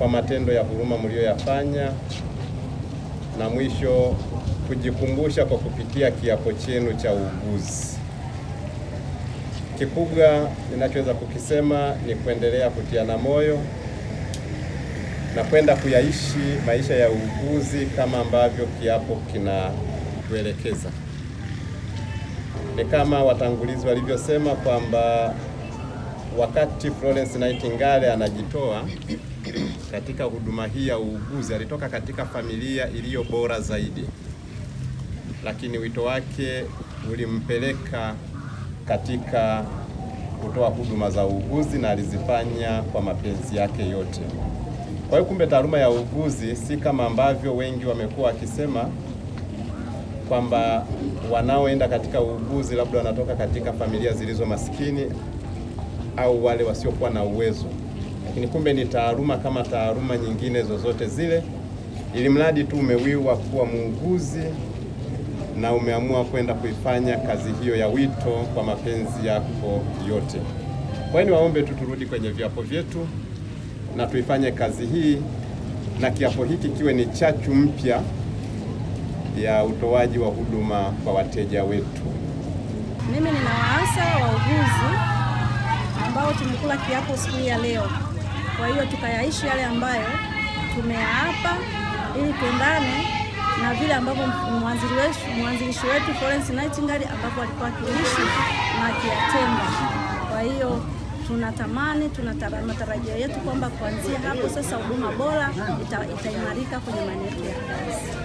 kwa matendo ya huruma mliyoyafanya, na mwisho kujikumbusha kwa kupitia kiapo chenu cha uuguzi. Kikubwa ninachoweza kukisema ni kuendelea kutiana moyo na kwenda kuyaishi maisha ya uuguzi kama ambavyo kiapo kinatuelekeza. Ni kama watangulizi walivyosema kwamba wakati Florence Nightingale anajitoa katika huduma hii ya uuguzi, alitoka katika familia iliyo bora zaidi, lakini wito wake ulimpeleka katika kutoa huduma za uuguzi na alizifanya kwa mapenzi yake yote. Kwa hiyo kumbe, taaluma ya uuguzi si kama ambavyo wengi wamekuwa wakisema kwamba wanaoenda katika uuguzi labda wanatoka katika familia zilizo maskini au wale wasiokuwa na uwezo, lakini kumbe ni taaluma kama taaluma nyingine zozote zile, ili mradi tu umewiwa kuwa muuguzi na umeamua kwenda kuifanya kazi hiyo ya wito kwa mapenzi yako yote. Kwa hiyo niwaombe tu turudi kwenye viapo vyetu na tuifanye kazi hii, na kiapo hiki kiwe ni chachu mpya ya utoaji wa huduma kwa wateja wetu. Mimi ninawaasa wauguzi ambao tumekula kiapo siku ya leo. Kwa hiyo tukayaishi yale ambayo tumeyaapa ili tuendane na vile ambavyo mwanzilishi wetu Florence Nightingale ambapo alikuwa akiishi na akiyatenda. Kwa hiyo tunatamani tuna matarajio yetu kwamba kuanzia hapo sasa huduma bora itaimarika ita kwenye maeneo yetu ya kazi.